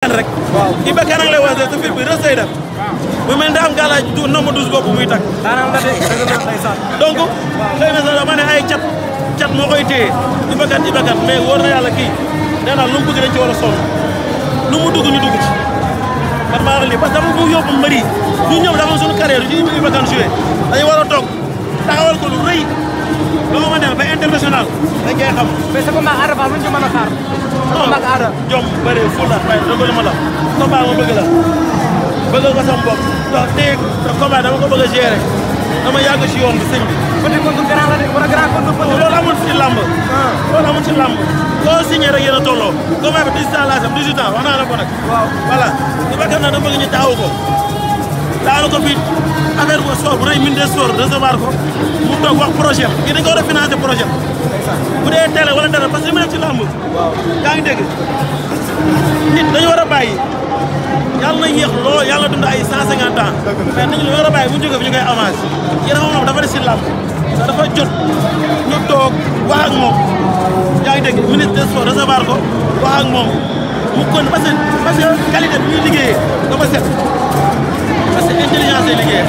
rek Iba Ka nag sa fil bi rës day def bu da am gàllaaj du nombre douze bopp muy takk donc xëy na sax dama ne ay cat cat moo koy téye Iba Ka Iba Ka mais wóor na yàlla kii nee naa lu mu bëgg dañ ci war sonn lu mu dugg ñu dugg ci man maa lii parce que dama bëgg yóbbu mbër yi ñu ñëw dafa suñu carrière war a toog taxawal ko lu rëy loo ma def ba international dañ koy xam. mais sa combat Ada Fass luñ ci mën a xaar. non oh, ak Ada. jom bëri fula fay dëgg ma la. combat ma bëgg la bëgg ko sama bopp. donc tey combat dama ko bëgg a gérer dama yàgg si yoon bi bi. petit contre grand la de wala grand contre petit. Oh, loolu amul si làmb. Ah. loolu amul si làmb. loo signé rek yéen a tolloo. bi 18 laa sam 18 ans wax naa la ko nag. waaw voilà da taawu ko. taawu ko fii damay ministre des sports ko mu toog wax projet am yéen dañu ko war a financer projet bu dara parce que li ma def ci dañu war a bàyyi yàlla na yéex lool ay 150 ans. mais nañu la war a bàyyi bu ñu jógee fi ñu koy avancé yéen dafa des ci làmb jot ñu toog wax ak moom yaa ngi dégg ministre des sports recevoir ko wax ak mu kon parce que parce que qualité dafa set parce que intelligence lay